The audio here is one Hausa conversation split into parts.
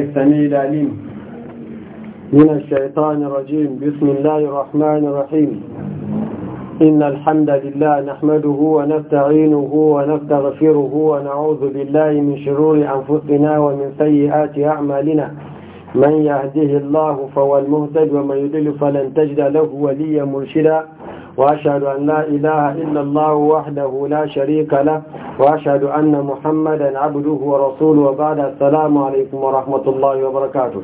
السميع العليم من الشيطان الرجيم بسم الله الرحمن الرحيم إن الحمد لله نحمده ونستعينه ونستغفره ونعوذ بالله من شرور أنفسنا ومن سيئات أعمالنا من يهده الله فهو المهتد ومن يضل فلن تجد له وليا مرشدا وأشهد أن لا إله إلا الله وحده لا شريك له وأشهد أن محمدا عبده ورسوله وبعد السلام عليكم ورحمة الله وبركاته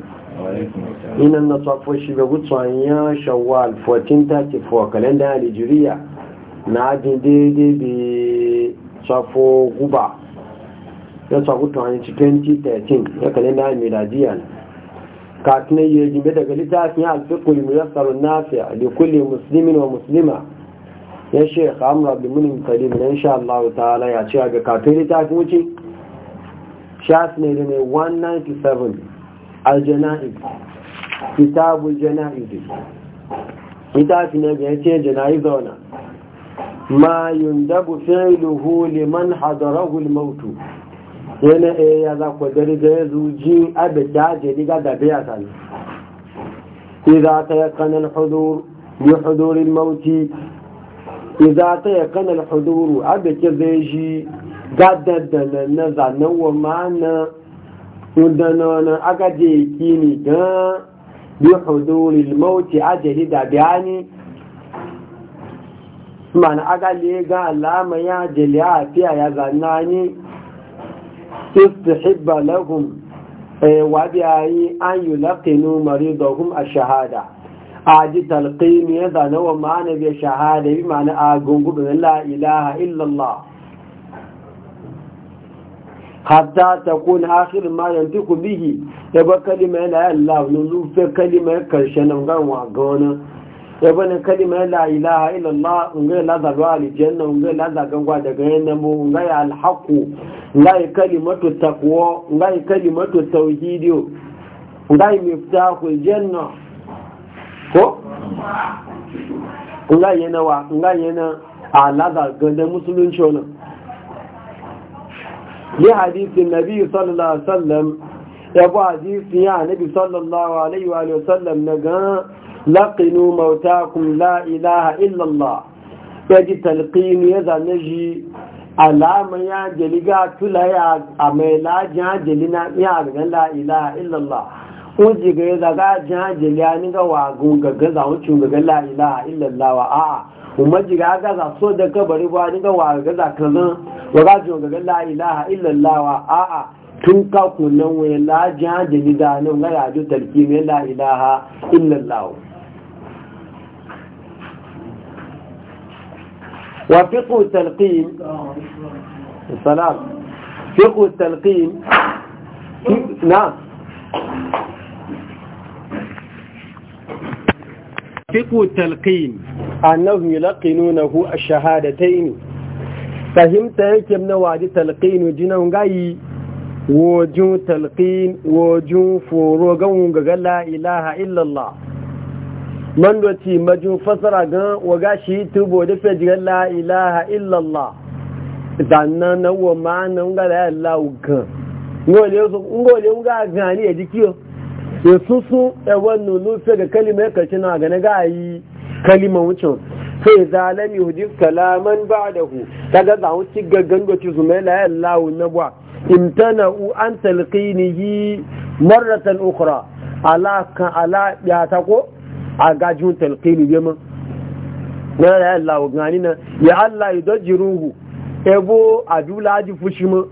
إن النصف الشباب صعيا شوال 1434 كالندا الهجرية نعدي دي دي بصفو غبا يصفو 2013 يا كالندا الميلادية katina yi jimbe daga littafin alfiqul muyassarun nafi'a li kulli muslimin wa muslima ya sheikh amr abdulmunim karim na insha Allah ta'ala ya ce ga katin littafin wuce shas ne da ne 197 aljana'ib kitabu jana'ib littafi ne ga ya ce jana'iza wana ma yundabu fi'luhu liman hadarahu al-mautu yana iya e, ya za ku gari da ya zuji abin da ake riga da biya sani Iza ta yi kanan hudur yi hudurin mauti Iza ta yi kanan hudur abin ke zai shi gadadana na zanen wa ma'ana udanonan aka je kini don yi hudurin mauti a jari da biya ne ma'ana aka lega alama ya jeli a fiya ya zanani istihibba lahum wa biyayi an yulaqinu maridahum ash-shahada aji talqin ya zana wa ma'ana bi shahada bi ma'ana a gungudu la ilaha illa Allah hatta takun akhir ma yantiku bihi ya ba kalima la ilaha illa Allah nu fe kalima karshen nan ga gona yabanin kalimar la ilaha illallah unga la zalu aljanna unga la zagangwa daga yannan mu unga ya alhaqu unga ya kalimatu taqwa unga ya kalimatu tauhidi unga ya miftahu aljanna ko unga yana wa unga yana ala zaganda musulunci wannan ya hadisi nabi sallallahu alaihi wasallam ya bu hadisi ya nabi sallallahu alaihi wa sallam na ga laqinu mautakum la ilaha illallah ya ji talqini ya zane ji alama ya jeli ga tula ya a mai lajin jeli na ya ga la ilaha illallah uji ga ya zaga jin jeli ya ni ga wago ga gaza wucin ga la ilaha illallah wa a'a kuma ji ga za so da kabari ba ni ga wago za ka zan wa ga jin ga la ilaha illallah wa a'a tun ka kunan wai lajin jeli da nan ga ya ji talqini la ilaha illallah وفقه التلقين السلام فقه التلقين نعم فقه التلقين أنهم يلقنونه الشهادتين فهمت يكي من وعد تلقين وجنون غاي وجو تلقين وجو فروغون غا لا إله إلا الله mandoci doci majin fasara gan waga shi tubo da fejiyar la ilaha illallah zanna na wa ma'ana nga da yalla ukan ngole so ngole nga gani e dikiyo e susu e wannu lu se ga kalima e ka cina ga na ga yi kalima wucin sai zalami hudif kalaman ba'dahu kaga za wuci ga doci su mai la yalla na bwa imtana'u an talqinihi marratan ukhra ala ka ala ya ta ko a talqini bi mun na ya Allah gani na ya Allah yudajiruhu ebo adula ji fushi wa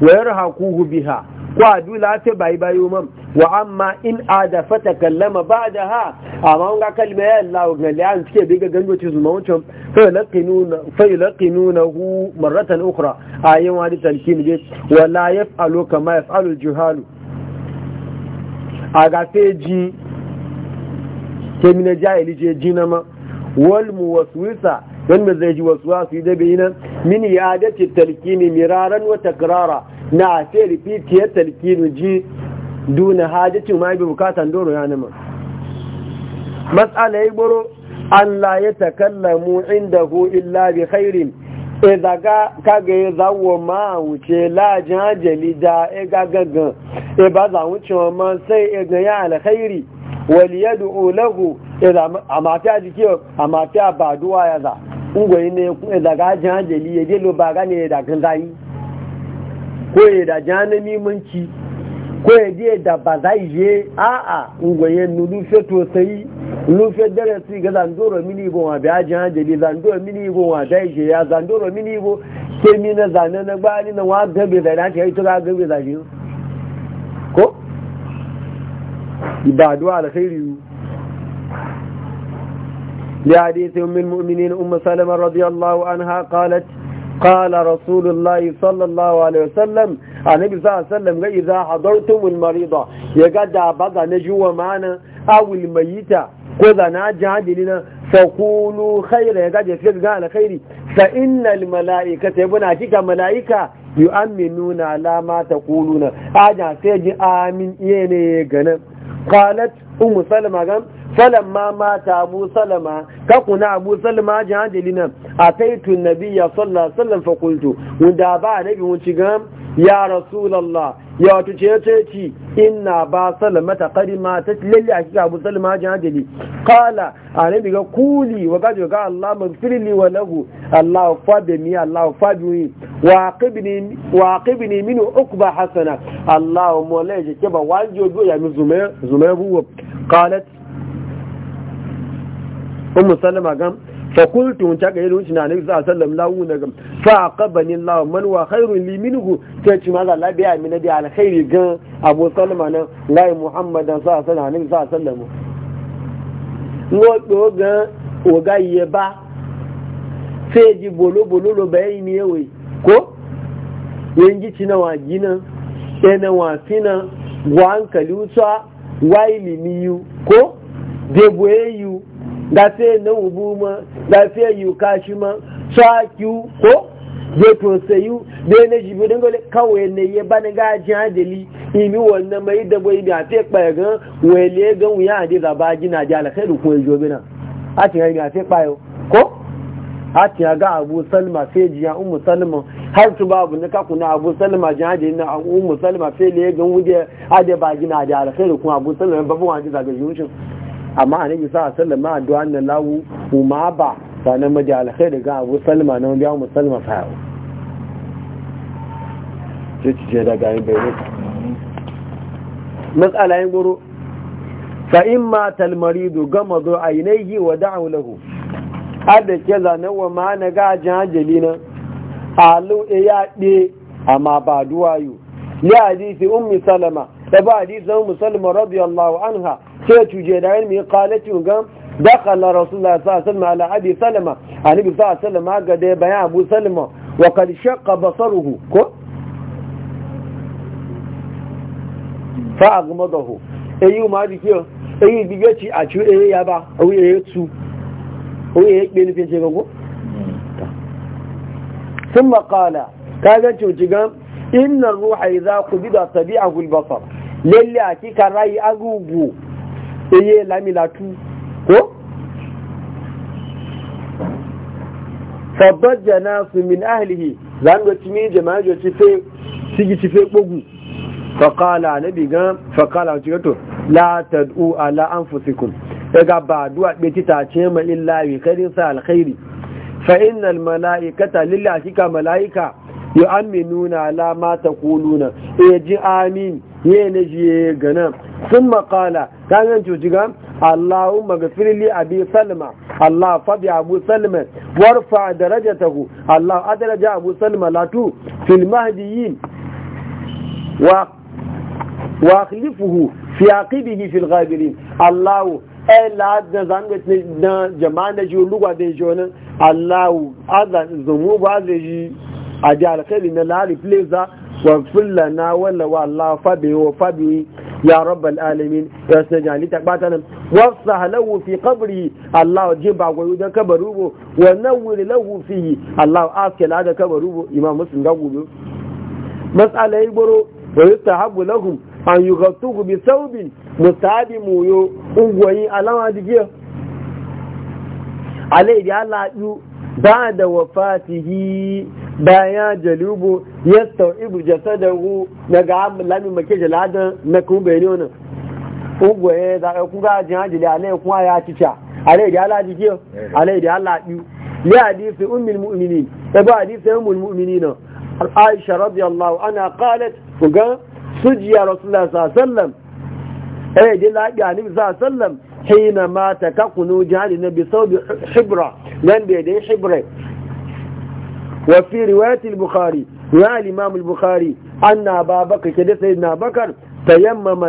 yarhaquhu biha ko adula ta bai bayo mun wa amma in ada fatakallama ba'daha amma ga kalma ya Allah gani an suke biga gango ci zuma wancan fa yalqinuna fa yalqinunahu marratan ukhra ayin wa talqini je wa la yaf'alu kama yaf'alu al-juhalu aga teji ke mina jahili je jina ma wal muwaswisa wanda zai ji wasu da bai nan min ya dace talkini miraran wa takrara na ce repeat ya talkini ji duna hajjacin ma bi bukatan doro ya nima matsala ya gboro Allah ya takallamu indahu illa bi khairin idza ga kaga ya zawo ma wuce lajin ajali da e gagagan e ba za wuce ma sai e ga ya alkhairi waliyadu ulahu a mafi a jiki a mafi a ya za ungwai ne daga ajin hanjali ya lo ba gane da kan zayi ko ya da janami munci ko ya je da ba za yi a a'a ungwaye nu lufe tosai lufe darasi ga zandoro mini ibo wa biya jin hanjali zandoro mini ibo wa da je ya zandoro mini ibo ke mi na zane na gbani na wa gabe da na ta yi tura gabe da shi ko ba addu'a da khairi ya hadisi min umm mu'minin umma salama radiyallahu anha qalat qala rasulullahi sallallahu alaihi wasallam annabi sallallahu alaihi wasallam ga idha hadartum almarida ya gada baga ne juwa mana awil mayita ko zana jadilina fakulu khaira ya gaje fi ga al khairi fa innal malaikata yabuna kika malaika yu'minuna la ma taquluna aja sai ji amin ne yene ganan قالت أم سلمة قام فلما مات أبو سلمة كقنا أبو سلمة جهاد لنا أتيت النبي صلى الله عليه وسلم فقلت ودابا نبي ونشي يا رسول الله ya wato ce ce ci inna ba salama ta karima ta lalle a kika abu salama ji hajjali kala a nabi ga kuli wa gaji ga Allah magfirli wa lagu Allah fabi mi Allah fabi wi wa qibni wa minu uku ba hasana Allah mu la je ke ba wajo do ya mi zume zume bu qalat salama gan fakultu ta ga yadda wuce na nabi a sallam lawu na gam fa qabani allah man wa khairun li minhu sai ci maza la biya da alkhairi gan abu salma nan layi muhammadan sa sallam nabi sa sallam wo do gan o ga ye ba sai ji bolo bolo lo yi ni ewe ko yanji ci na gina, ena wa fina wa hankali wuta wa ilimi ko debo eyu da sai na ubu ma lafiya yi kashi ma saki ko zai tosayu da na jibi don gole kawai ne ya bani gajin adali imi wannan mai da bai da fe kpaya gan wele gan wuya ade da ba gina da alkhairu ko yajo bina a tin ai ga fe kpayo ko a tin ga abu salma fe jiya ummu salma har tu abu ne ka kuna abu salma jin ade na ummu salma fe le gan wuje ade ba gina da alkhairu ko abu salma babu wani da ga yushin amma nabi sa'a alaihi wasallam duwan nan lawu kuma ba sanan maji alkhair daga Abu Salma na wani yawon Salma fa cikin da ce bai ne matsala yin guru fa in ma talmaridu gama zo yi wa da'u lahu adda ke zane wa ma na gajin hajjali nan a lo'e ya ɗe amma ba duwayo ya hadisi ummi salama da ba hadisi ummi salama radiyallahu anha sai tuje da yin mai kalati ga dakala rasulullah sallallahu alaihi wasallam ala abi salama ali abu salama wa qad a ci eye ya ba o eye tu o eye pe ni pinje gogo thumma qala kaga cuci ga inna ruha idza qubida tabi'ahu al-basar lalle akika rai agugu eye lamilatu ko fabbat su min ahlihi mu ga mini jama'a jo ci fe sigi ci fe gbogbo fakala nabi ga fakala gato la tad'u ala daga ba du'a be ta ce ma illa bi khairin sa alkhairi fa innal malaikata lillahi ka malaika yu'minuna la ma taquluna e ji amin ye ne ji gana sun maqala kayan cuciga Allahumma gafirli abi salma Allah fabi abu salma warfa darajatahu Allah adaraja abu salma latu fil mahdiyin wa wa akhlifuhu fi aqibihi fil ghabirin Allah ela da zanga da jama'a da juluwa da jonan Allah azan zumu ba zai ji a ji alkhairi na lari plaza wa fullana wala wa Allah fabi wa fabi ya rabbal alamin ya suna ta ɓata nan wasu halawu fi kabri Allah ji ba gwayo don kabaru bo wannan wuri lahu fi Allah aske la da kabaru bo imam musulun ga gobe matsala ya wa ta habu lahum an yi bi saubin musabi muyo ungwayi alama jigiya alai da ya laɗu ba da wafatihi baya jalubu ya tau'ibu jasadahu daga lami make jaladan na kuma bayani wannan ugwaye za zaɓe kuka ajin hajjili a lai kuma ya cica a lai da ala jike a lai da ala biyu ya hadisi ummul mu'minin ta ba hadisi ummul mu'minin aisha radiyallahu ana qalat kuga sujiya rasulullah sallallahu alaihi wasallam eh dai la ga nabi sallallahu alaihi wasallam hina mata ka kunu jali nabi sau bi hibra nan bai dai hibre وفي رواية البخاري يا الإمام البخاري أن أبا بكر كده سيدنا بكر تيمم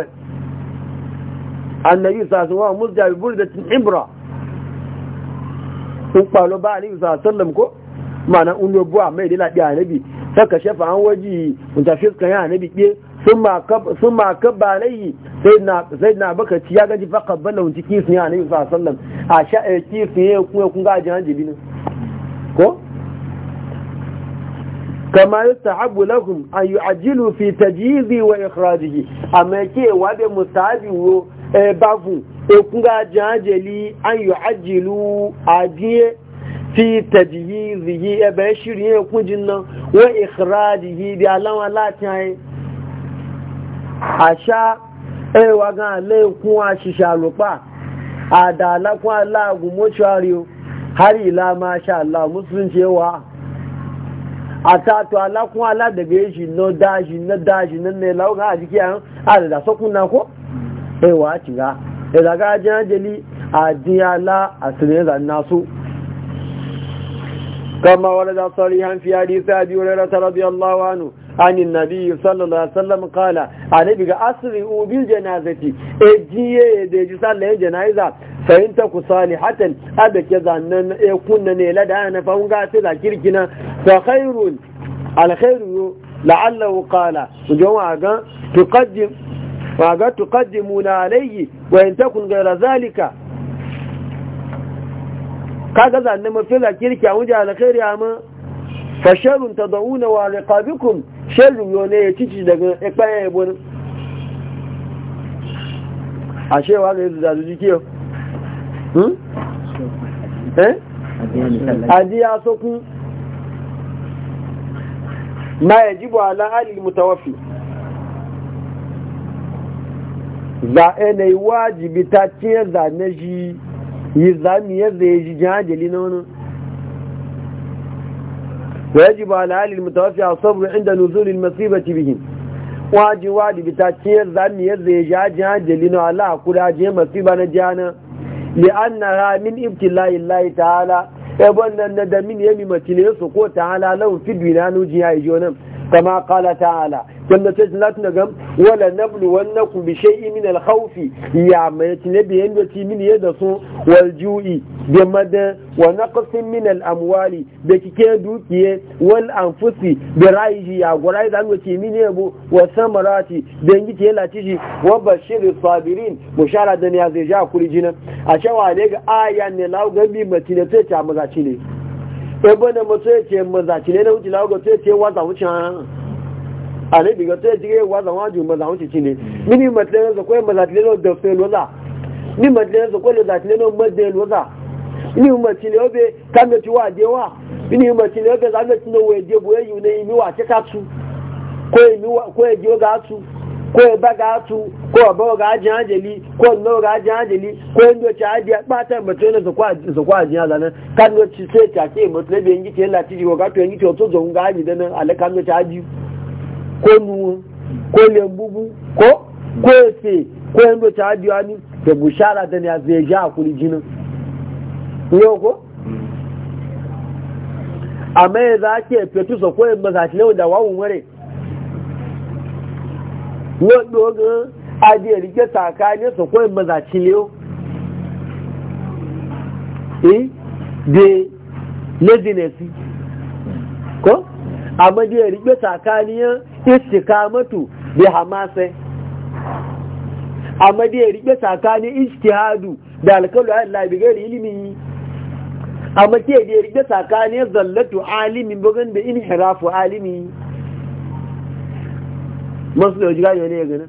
أن يسعى سواء مزجع ببردة عبرة وقالوا بقى النبي صلى الله عليه وسلم كو معنى أنه بوا ما يدلع يا نبي فكشف عن وجهه وانتفزك يا نبي ثم كب ثم كب عليه سيدنا سيدنا بكر ci ya gaji faka bala wunci kisu ne صلى الله عليه وسلم عشاء kisu ne kuma kun gaji hanji binin ko kama yustahabu lahum a an yu'ajjilu fi tajhizi wa ikhrajihi amma ke wa be musabi wo e bagu e kunga janjeli an yu'ajjilu adiye fi tajhizihi e be shiriye kunjin nan wa ikhrajihi bi alawa latin asha e wa gan le kun ashisha lopa adala kun alagun mochuari o har ila ma sha Allah musulunci yawa ata to ala da ga shi no da shi da shi ne lawo ga jiki an ala da sokun na ko e wa ti ga e da ga jan jeli a di ala kama wala sari han fi hadisi abi wala radiyallahu anhu عن النبي صلى الله عليه وسلم قال علي بقى أسرعوا بالجنازة اجيه ديجي صلى جنازة فإن تكو صالحة أبك يظنن يكون دانا نيلدان فانقاتل كيركنا فخير على خير لعله قال جواغا تقدم وقد تقدمون عليه وإن تكون غير ذلك kaga zanne mafi zakirki a wajen alkhairi amma fasharun ta da'una wa riqabikum sharrun yone ya cici daga ikpayen yabon a shewa ga yadda zazu jike yau eh adiya sokun ma yajibu ala alil mutawaffi za a wajibi ta ce na ji, yi zami yadda ya ji jihajali na wani ويجب على أهل المتوفي الصبر عند نزول المصيبة بهم واجي واجي بتاتير ذن يزيج عجان جلينو على أقول أجي مصيبة نجانا لأنها من ابتلاء الله الله تعالى يبقى أن الندمين يمي متلين سقوط تعالى لو في الدنيا نجي عيجونم كما قال تعالى كما تجلت نغم ولا نبلونكم بشيء من الخوف يا ميتني بين وتي من يدسو والجوع بمد ونقص من الاموال بكيكه دوكيه والانفس برايج يا غراي دان وتي من يبو وثمرات دنجي لاتيجي وبشر الصابرين بشاره دنيا زي جا كوري جنا اشوا ne ga aya ne lawo gabi mace ne ebe na mutu ya ce na wuce na wuce ya ce waza wuce a ne biga ta waza nwaju maza wuce ci mini matsayin yanzu kawai mazaci na odofe fe loza ni matsayin yanzu kawai na madde loza ni mace e ne obe kamar ci wa dewa obe zamar ci na waje boye bụ ne na wa ko ba ga ko ba ga ajin ko no ga ajin ko ndo ci aji ba ta mutu ne zakwa zakwa ajin azan kan no ci sai ta ke mutu ne bin gite la ti ga to yin to zo ga ajin dan ala kan no aji ko nu ko le bubu ko ko se ko ndo ci aji ani da bushara da ne azai ja kuli jinin yo ko amma ya za ke fetu sa ko maza tilewa da wawun ware wọ́n lóògùn adé ẹ̀ríkẹ́ tààkà ní ọ̀sọ̀kọ́ ìmọ̀dà chile ó de laziness ko amma dai ya rigbe tsakaniyar istikamatu da hamasai amma dai ya rigbe tsakanin ijtihadu da alkalu a bi gari ilimi amma ke da ya tsakanin zallatu alimin bugan da inhirafu alimi masu da wajiga ne ya gani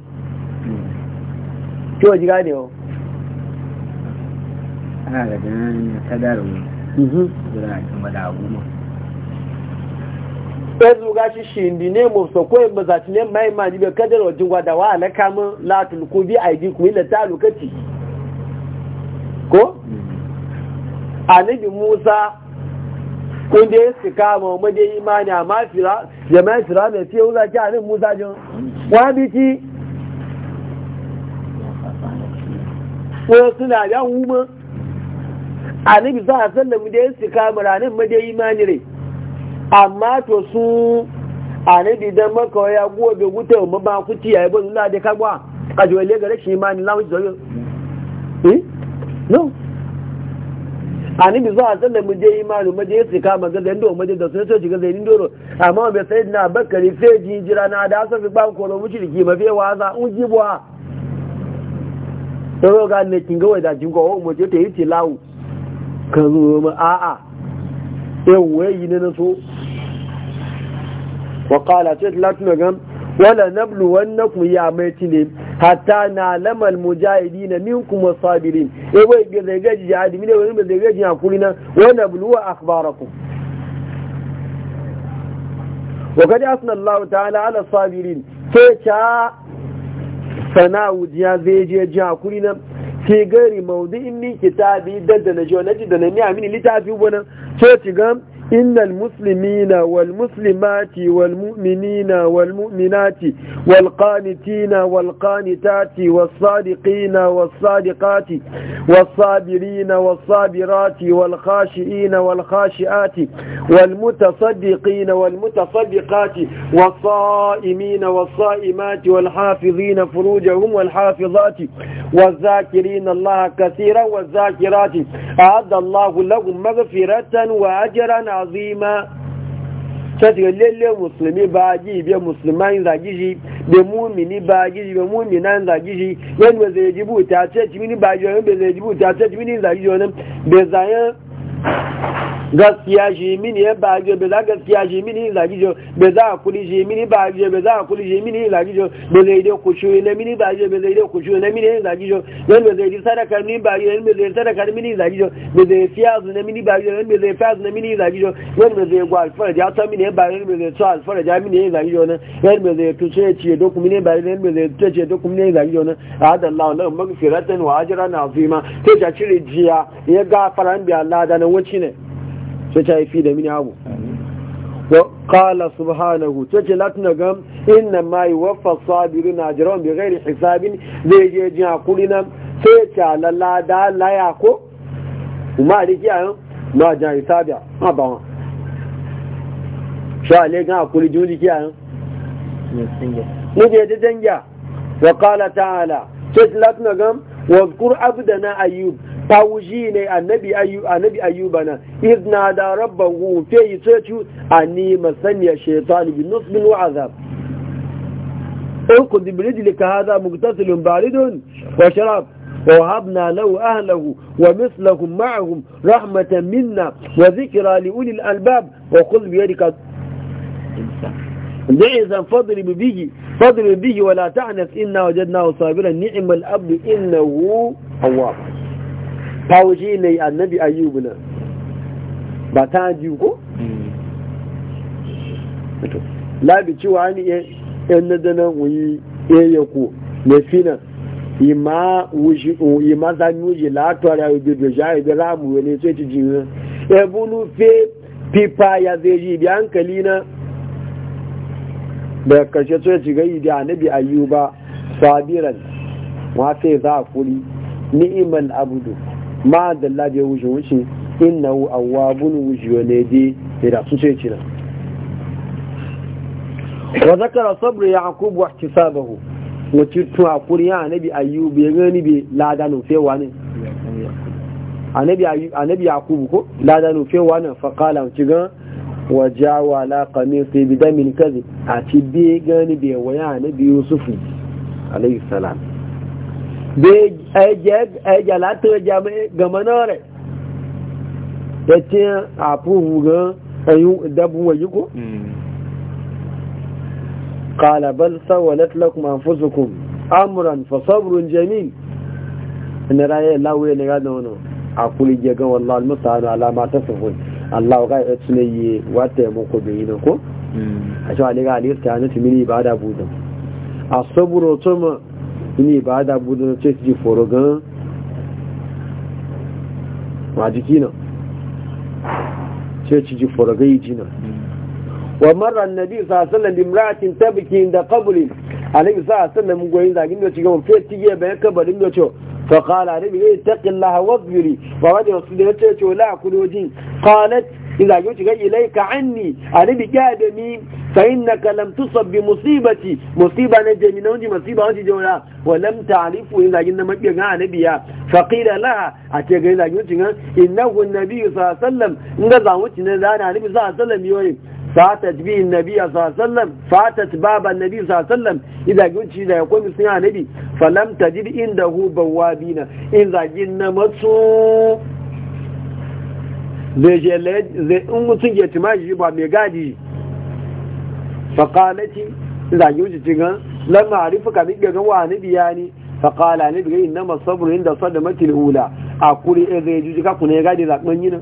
ki wajiga ne yau ana da ganin kadarun zira mhm. kuma da aguma ɗazu gashi shi ndi ne mu so ko ba za ne mai ma jibe kadar wajin gwada wa na kama latul ku bi aidi ku ila ta lokaci ko mhm. annabi Musa kunde su kama mu dai imani amma fira jama'a fira ne sai uza ki anin musa jin wa biki ko suna da huma annabi sallallahu alaihi wasallam dai su kama ranin mu dai imani ne amma to su annabi dan maka ya gobe gutar mu ba ku tiya ba zuwa da kagwa a jole ga rashin imani lawo zoyo eh no ani bi zuwa sallan mu je imanu mu je tsika maza da ndo mu je da sai so shiga zainin doro amma be sai na bakari sai ji jira na da sa fi ban koro mu shirki ma fe waza un jibwa to ga ne kin ga wada jin ko mu je ta yi tilawu ka zo mu a a yau wayi ne na so wa qala ta latna gam wala nablu wannakum ya mai tilin hatta na lamal mujahidi na minkum wasabirin eh wai ga zai gaji jihadi mine wani zai gaji hakuri nan wa buluwa akhbarakum wa kad asna Allah ta'ala ala sabirin sai ta sana'u wujiya zai je ji hakuri nan sai gari in ni kitabi dadda na jo na ji da na ni amini littafi wannan sai ci gan إن المسلمين والمسلمات والمؤمنين والمؤمنات والقانتين والقانتات والصادقين والصادقات والصابرين والصابرات والخاشئين والخاشئات والمتصدقين والمتصدقات والصائمين والصائمات والحافظين فروجهم والحافظات والذاكرين الله كثيرا والذاكرات أعد الله لهم مغفرة وأجرا azima sai ga lalle musulmi ba ji be musulman zagi mumini ba ji be muminan zagi shi yan ba jibu ta ce mini ba ji yan jibu ta ce mini zagi shi wannan be zayan gaskiya shi mini ya ba je be za gaskiya shi mini la gijo be za kuli shi mini ba be za shi mini la gijo be zai dai ku shi ne mini ba je be zai dai ku shi ne mini la gijo dan be zai sadaka ni ba je be zai sadaka mini la gijo be zai fiyazu ne mini ba be zai fiyazu ne mini la gijo dan be zai gwa alfar ja ta mini ba je be zai ta alfar ja mini la gijo ne be zai tuce ci do ku mini ba be zai tuce do ku mini gijo ne magfiratan wa ajran azima ta cire jiya ya ga faran bi Allah da nan wuci ne sai ta haifi da mini abu ƙala su hana hu ce ce latin ga inna mai wafa sabiru na jiran bai gairi hisabin zai je a kuri nan sai ta a lalada laya ko ma a rikiya yan ma jan hisabiya ma ba wa sha ne gan a kuri jiya rikiya yan mu je ta jangiya wa ƙala ta hala ce ce latin ga wa kur abu da na ayyub tawuji النبي annabi ayu annabi ayuba na idna da rabbahu fe yitatu ani masaniya shaytan bi nusbin wa azab برجلك هذا مغتسل بارد وشراب وهبنا له أهله ومثلهم معهم رحمة منا وذكرى لأولي الألباب وخذ بيدك جائزا فاضرب به فاضرب به ولا تعنف إنا وجدناه صابرا نعم الأب إنه أواب kawo shi ne annabi ayyubu na ba ta ji ko? labi cewa ni yan nadanan wuyi yaya ku na fina ma zani yi latuwar ya yi da yi da mu wani sai ci jini ya bunu fe pipa ya zai ji bi hankali na da karshe sai ci gari da annabi ayyuba sabiran wa sai za a kuri ni'iman abudu ma da labe wuce wuce inna bunu awwabun wujuwa ne di da da sun ce cina wa zakara ya yaqub wa sabahu wacce tun hakuri ya anabi ayyubu ya gani bi ladanu fewa ne anabi yakubu ko ladanu fewa ne fakala wace gan jawa la qamisi bi damin kazi a ci bi gani bi waya anabi yusufu alayhi salam be ẹjẹ látọ̀ ẹjẹ gama na náà rẹ̀ ẹ tí àpòhù gan ẹ̀yìn dábù wọ̀nyí kó kalabar sáwọ̀lẹ́ tilakun àfúsùkùn amuran fasabrun jamil ina raye lawe ne ga nono akuri je ga wallahi mutane alama ta sufun Allah ga ya tsune yi wata mu ko bi ne ko a cewa ne ga alif ta ne timini ibada budan asabru tuma ba ìbáadà búdó tó ti fòrò gan wàjíkí náà tó ti ji fòrò gan ìjì náà wa marar nabi sa'asallam imratin tabbaki da kabulin alaihi sa'asallam goyin zagin da cikin fiye tige bayan kabarin da cewa فقال ربي اتق الله واصبري ووجه رسول الله صلى الله عليه قالت إذا جئت إليك عني أنا fa inna ka lam tusab bi musibati musiba ne je min onji musiba onji jora wa lam ta'rifu illa inna ma bi ga nabiya fa qila la a ce ga ina yuci ga inna hu nabiy sallallahu alaihi wasallam inga za wuci ne da na nabi sallallahu alaihi wasallam fatat bi nabi sallallahu alaihi wasallam fatat baba nabi sallallahu alaihi wasallam idan gunci da ya komi sun ya nabi fa lam tajid indahu bawabina in za gin na matsu zai je le zai in mutun ya timaji ba me gadi faƙalaci zage wuce cikin lamma a rufe kamin gagan wa ni biya ni faƙala ni biya inna masabru inda sadda matil hula a kuri in zai juji ka kuna ya gadi zaɓen yinin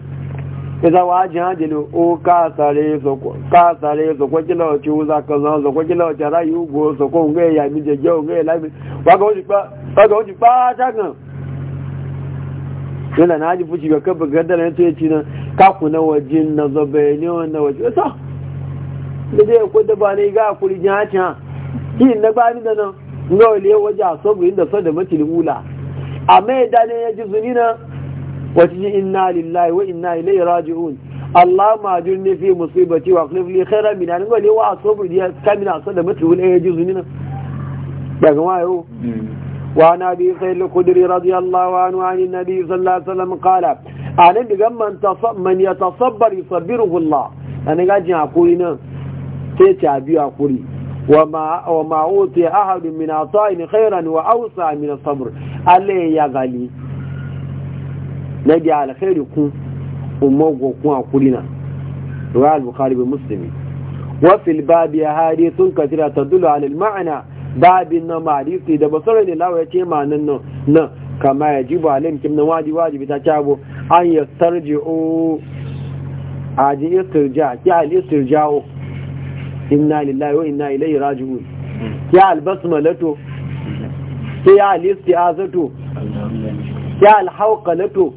ya zawa hajji ne o ka sare so ko kila wace wuza ka zan so ko kila wace rayu go so ko ya mi je go ngai la wuce ba wa ga kan yana na ji fushi ga kafa gaddara ya ce ci nan ka na wajin na zabe ne wanda waje sa da zai ko da ba ga kuri jiya haci ha yin na bani da nan ga wale waje a sabu inda so da matil ula amma ya dane ya ji zuni na wata ji inna lillahi wa inna ilai raji'un Allah ma jirni fi musibati wa akhlif li khairan min an wale wa sabu ya kamina so da matil ula ya ji zuni na daga wayo وعن أبي سيد الخدري رضي الله عنه عن النبي صلى الله عليه وسلم قال أنا بقم من, من يتصبر يصبره الله أنا قاعد أقول sai ta biyu a kuri wa ma'otu ya haɗu mina ta ni khaira ni wa ausa a mina sabur allah ya gali na biya alkhairu kun umogo kun a kuri na ruwa al-bukhari bi muslimi wasu ilbabi ya hari sun ka tira ta dula alil ma'ana babin na ma'arifi da basu rani lawa ya ce ma nan nan kama ya ji ba alim kim na waji waji bi ta cabo an yi sarji o a ji istirja ki al istirja o inna lillahi wa inna ilaihi raji'un ya albasmalato ya alistiazato ya alhawqalato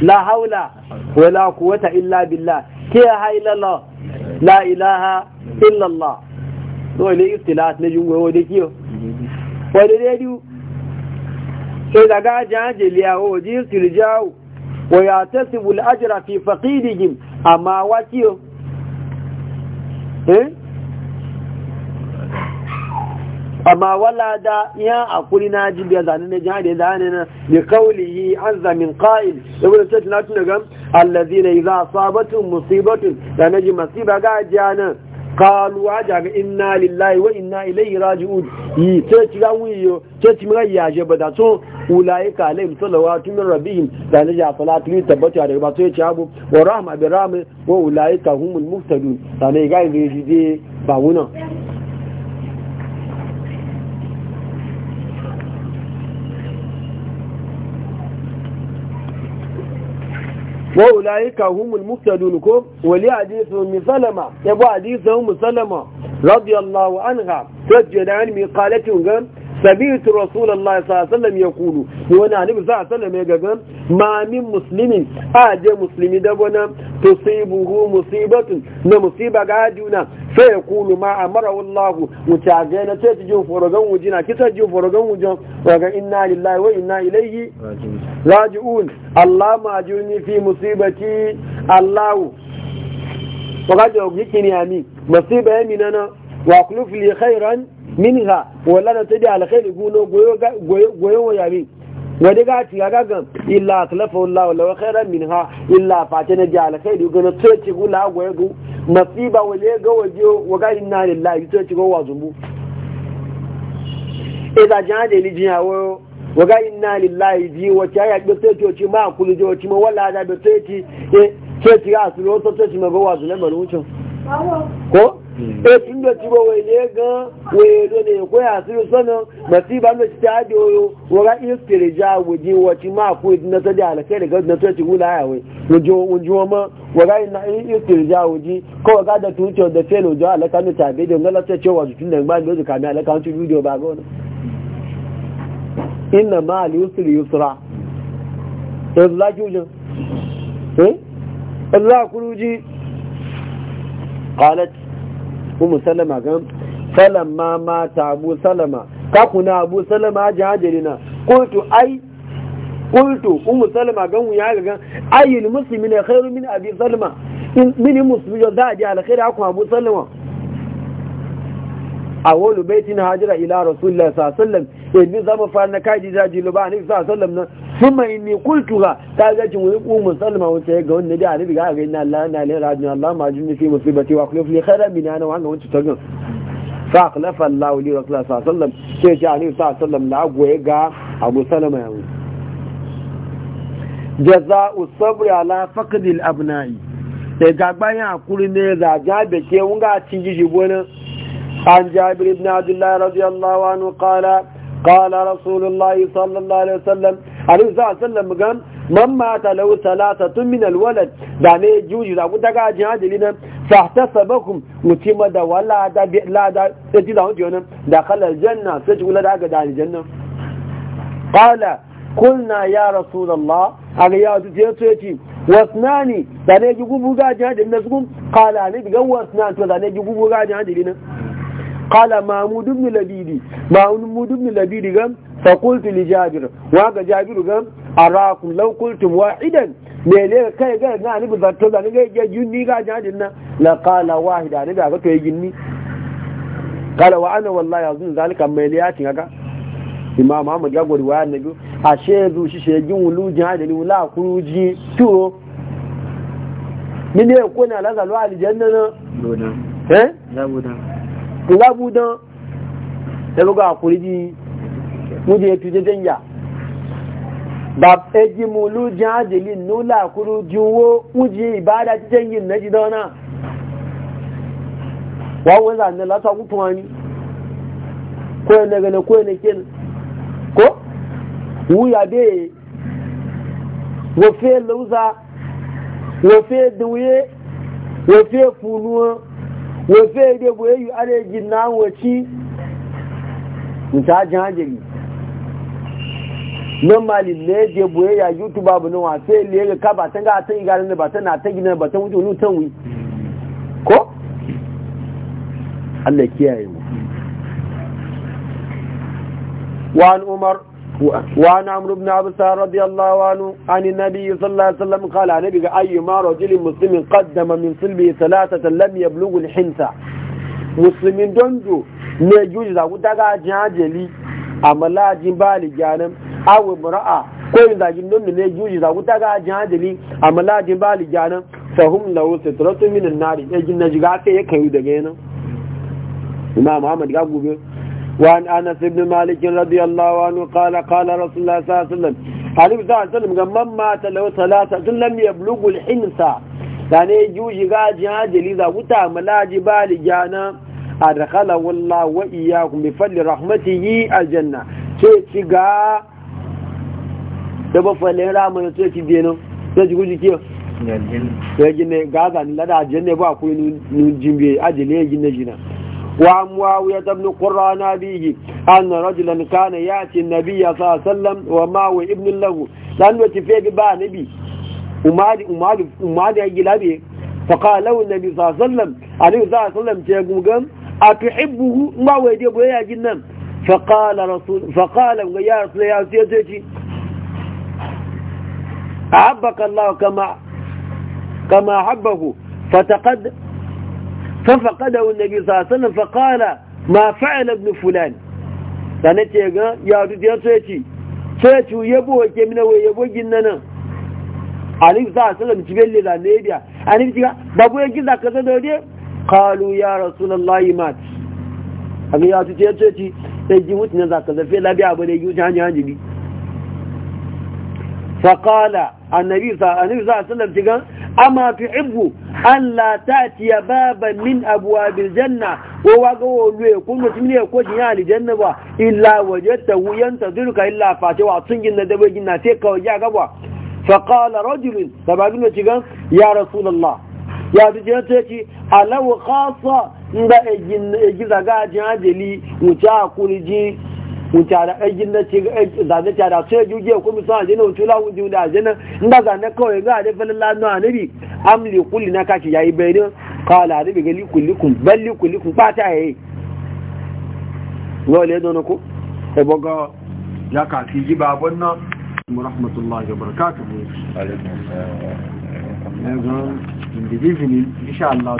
la haula wala quwwata illa billah ya hailala la ilaha illa allah dole istilat ne jungo wode kiyo wode dedu sai daga jajeli ya wode istirjau wa yatasibu al-ajra fi faqidihim amma wakiyo Eh? amma wala da ya akuri na ji biya zane na jihar da zane na bi yi an zamin qa'il ibn sa'd na tun daga allazina idza musibatun da na ji masiba ga jana kalu waja inna lillahi wa inna ilaihi raji'un yi sai ci ga wiyo sai ci mura yaje bada so ulaika alaihim salawatu min rabbihim da ne ya salatu ni tabbata da ba sai ci abu wa rahma bi rahma wa ulaika humul muhtadun da ne ga ji ba wuna wa ulaika humul muftadun ko wali hadithu min salama yabu hadithu mu salama radiyallahu anha tajjada an mi qalatin gam سبيت رسول الله صلى الله عليه وسلم يقول وانا النبي صلى الله عليه وسلم يقول ما من مسلم اجى مسلم دبنا تصيبه مصيبة نمصيبة قاجونا فيقول ما أمره الله متعجينا تتجو فرغان وجنا كتجو فرغان وجنا وقال إنا لله وإنا إليه راجعون الله ما جوني في مصيبتي الله وقال يقول يكيني أمين مصيبة أمين أنا وأقلف لي خيرا minha wala da tada alkhairi gulo goyo goyo wayami wadi ga ci ga ga illa atlafa Allah law khairan minha illa fatina ji alkhairi gona to ci gula goyo gu nasiba wale ga waje waga inna lillahi to ci go wazumbu idza jaade li jiyawo waga inna lillahi bi wace ya gbe to ci ci ma kulu jo ci ma wala da be to ci ce ci ga su ro to ci ma go wazu na marucin ko Hmm. etun eh, da ci ba wele gan wele ne ko ya su sanin masiba da ta da yoyo wara istirja wuji wace ma ku na ta da alkai daga na ta ci gula ya wai wujo wujo ma wara na istirja wuji ko ga da tuto da felo jo alaka ne ta da ngala ta ce wazu tun da ba da ka mi alaka tun video ba gona inna ma al yusri yusra yanzu eh, za ki eh yanzu eh, za ku umu salama gan salama mata abu salama kakuna abu salama ajin na kultu ai kultu umu salama gan wuya ga gan ayyul musulmi ne khairu min abi salama min musulmi za a ji alkhairu akwai abu salama a wani baitin hajjira ila rasulullah sallam yanzu zama fara na kaji jaji luba anabi sallam nan sun inni ne kultura ta ga cin wani ku musalma wace ga wani da anabi ga ga inna allah na alaihi rajin allah ma jinni fi musibati wa kullu fi khairan min ana wanga wancan tagan fa akhlafa allah li rasulullah sallam sai ji anabi sallam na goye ga abu salama ya wuce jaza'u sabri ala faqdil abna'i da gagbayan akuri ne da jabe ke wunga cin jiji bonan عن جابر بن عبد الله رضي الله عنه قال قال رسول الله صلى الله عليه وسلم عليه الصلاة والسلام قال من مات له ثلاثة من الولد دعني جوجي لابو دقا جهاد لنا فاحتسبكم متيمة دا ولا دا لا دا تتي لهم جونا دخل الجنة سجل لا دا دعني الجنة قال قلنا يا رسول الله أغيا تتيتي واثناني دعني جوجي بوغا جهاد لنا قال أنا بقوا اثنان تو دعني جوجي بوغا جهاد لنا qala mahmud ibn labidi mahmud ibn labidi gam fa qultu jabir wa ga jabir gam arakum law qultum wahidan me kai ga na ni zato da ni ga jinni ga jadin na la qala wahida ni ga to jinni qala wa ana wallahi azun zalika me le yatin ga imam ahmad ya gori wa annabi ashe zu shi shegin wulujin hadali wula kuruji turo mini ya kone alazalu alijanna na nga budan da buga hakuri ji muje ya tuje danya ba eji mulu jajili nula kuru juwo muje ibada ti janyin na jidona wa wanda ne la ta gutuwa ni ko ne ga ne ko ne kin ko wuya be wo fe luza wo fe duye wo funuwa wefe dai bu yayi are jin na waci muta jajiri normally ne je bu yayi youtube abu nan wafe le ga ka batan ga tan igarin na batan na tan gidan ba tan wuce nu tan wi ko Allah kiyaye wa an umar mutuwa wani amurubu na abu sa'arar Allah wani ani nabi sallallahu ala'adun kala nabi ga ayyuma rajulin musulmin kaddama min sulbi talata tallam ya blugun hinta musulmin dondo ne juji zagu daga jajeli a malajin bali gyanan awon mura'a ko yin zagin dondo ne juji zagu daga jajeli a malajin bali gyanan sahun lawo sai turatun minin nari ya gina jiga ta ya kayu daga yanan imam muhammad ga gobe وعن انس بن مالك رضي الله عنه قال قال رسول الله صلى الله عليه وسلم قال الله صلى عليه وسلم من مات له ثلاثة لم يبلغ الحنس يعني يجوجي غاجي هاجي ذا وتا ملاجي بالي جانا ادخل الله واياكم بفضل رحمته الجنه تيتي تيغا دبا فلين رامنا تي دينو تيتي غوجي كيو ya gine gaza ni lada ajiyar ne ba akwai nujin biyu ajiyar ne ya gine jina وعن معاوية بن قرة عن أبيه أن رجلا كان يأتي النبي صلى الله عليه وسلم ومعه ابن له لأنه تفيق بها نبي ومعد ومعد ومعد يجي لابي فقال له النبي صلى الله عليه وسلم عليه الصلاة والسلام تيقوم قام أتحبه ما ويدي بويا جنم فقال رسول فقال يا رسول يا سيدتي أحبك الله كما كما أحبه فتقد ففقده النبي صلى الله عليه وسلم فقال ما فعل ابن فلان sannan ce ga ya rudu ya ya ce, so ya ci yabo wa ke mina wai nan alif a sallam ci belle da ne biya alif ci ga babu ya giza ka zo dole qalu ya rasulullah mat aga ya rudu ya so ya ci sai ji za ka zafe labiya wuce hanyar faƙala annabi sallam shigan amma fi ibu an latatiya baban min abuwa birjanna ko waga wolu ya kuma mutum ya ko jiya aljanna ba illa waje ta wuyanta zurka illa face wa tun gina dabe gina sai kawai ya gaba faƙala rajulun sababin da shigan ya rasulallah ya fi ta ce alawu kasa inda ya gizaga jajali wuce a kurji wucara aikin eh, da ce eh, zane cara sai juge kuma sun ajiyar wuce lawun jiwu da ajiyar inda zane kawai ga da falin lanu a nabi amli kulli na kashi yayi bayanin kawala nabi ga likulikun ban likulikun bata ya yi wale don ku ebo ga ya kafi ji babon nan mu rahmatullahi wa barakatuhu alaikum salam individually insha Allah